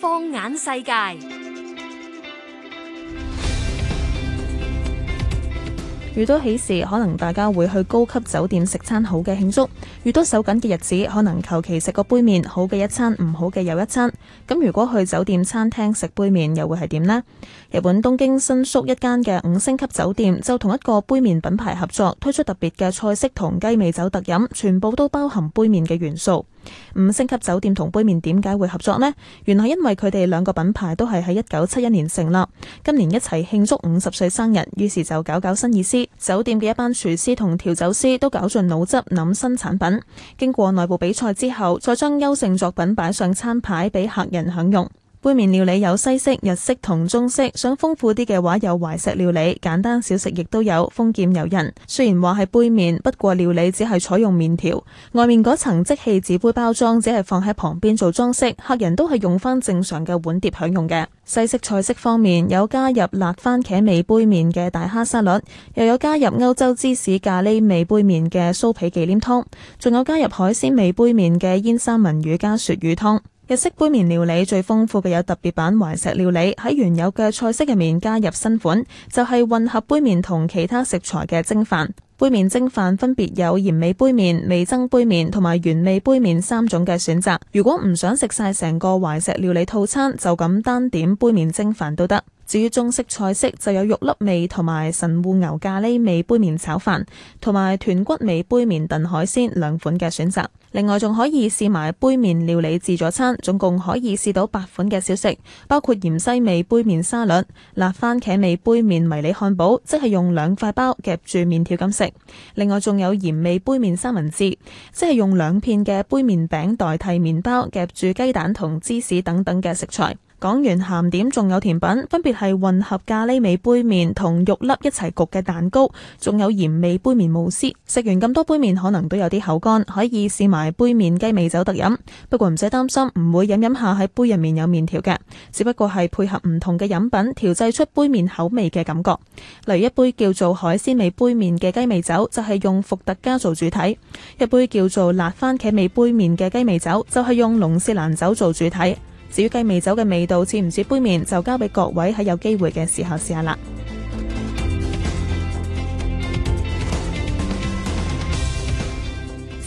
放眼世界。遇到喜事，可能大家會去高級酒店食餐好嘅慶祝；遇到手緊嘅日子，可能求其食個杯麵，好嘅一餐，唔好嘅又一餐。咁如果去酒店餐廳食杯麵，又會係點呢？日本東京新宿一間嘅五星級酒店就同一個杯麵品牌合作，推出特別嘅菜式同雞尾酒特飲，全部都包含杯麵嘅元素。五星級酒店同杯麵點解會合作呢？原來因為佢哋兩個品牌都係喺一九七一年成立，今年一齊慶祝五十歲生日，於是就搞搞新意思。酒店嘅一班廚師同調酒師都搞盡腦汁諗新產品，經過內部比賽之後，再將優勝作品擺上餐牌俾客人享用。杯麵料理有西式、日式同中式，想豐富啲嘅話有懷石料理，簡單小食亦都有。風劍誘人，雖然話係杯麵，不過料理只係採用麵條，外面嗰層即棄紙杯包裝只係放喺旁邊做裝飾，客人都係用翻正常嘅碗碟享用嘅。西式菜式方面有加入辣番茄味杯麵嘅大蝦沙律，又有加入歐洲芝士咖喱味杯麵嘅酥皮忌廉湯，仲有加入海鮮味杯麵嘅煙三文魚加鱈魚湯。日式杯麵料理最豐富嘅有特別版懷石料理，喺原有嘅菜式入面加入新款，就係混合杯麵同其他食材嘅蒸飯。杯麵蒸飯分別有鹽味杯麵、味噌杯麵同埋原味杯麵三種嘅選擇。如果唔想食晒成個懷石料理套餐，就咁單點杯麵蒸飯都得。至於中式菜式就有肉粒味同埋神戶牛咖喱味杯麵炒飯，同埋豚骨味杯麵燉海鮮兩款嘅選擇。另外仲可以試埋杯麵料理自助餐，總共可以試到八款嘅小食，包括芫茜味杯麵沙律、辣番茄味杯麵迷你漢堡，即係用兩塊包夾住麵條咁食。另外仲有鹽味杯麵三文治，即係用兩片嘅杯麵餅代替麵包，夾住雞蛋同芝士等等嘅食材。講完鹹點，仲有甜品，分別係混合咖喱味杯麵同肉粒一齊焗嘅蛋糕，仲有鹽味杯麵慕斯。食完咁多杯麵，可能都有啲口乾，可以試埋杯麵雞尾酒特飲。不過唔使擔心，唔會飲飲下喺杯入面有麵條嘅，只不過係配合唔同嘅飲品調製出杯麵口味嘅感覺。例如一杯叫做海鮮味杯麵嘅雞尾酒，就係、是、用伏特加做主體；一杯叫做辣番茄味杯麵嘅雞尾酒，就係、是、用龍舌蘭酒做主體。至於雞尾酒嘅味道似唔似杯麵，就交俾各位喺有機會嘅時候試下啦。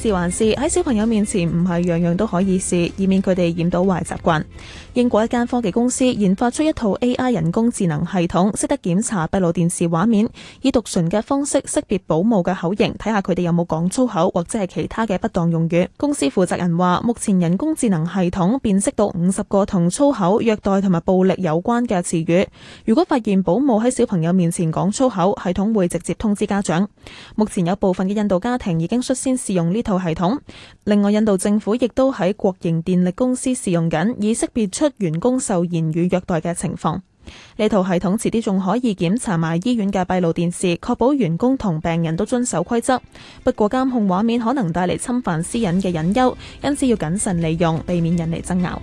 試還是喺小朋友面前唔係樣樣都可以試，以免佢哋染到壞習慣。英國一間科技公司研發出一套 AI 人工智能系統，識得檢查閉路電視畫面，以讀唇嘅方式識別保姆嘅口型，睇下佢哋有冇講粗口或者係其他嘅不當用語。公司負責人話：目前人工智能系統辨識到五十個同粗口、虐待同埋暴力有關嘅詞語。如果發現保姆喺小朋友面前講粗口，系統會直接通知家長。目前有部分嘅印度家庭已經率先試用呢套系統，另外印度政府亦都喺國營電力公司試用緊，以識別出員工受言語虐待嘅情況。呢套系統遲啲仲可以檢查埋醫院嘅閉路電視，確保員工同病人都遵守規則。不過監控畫面可能帶嚟侵犯私隱嘅隱憂，因此要謹慎利用，避免引嚟爭拗。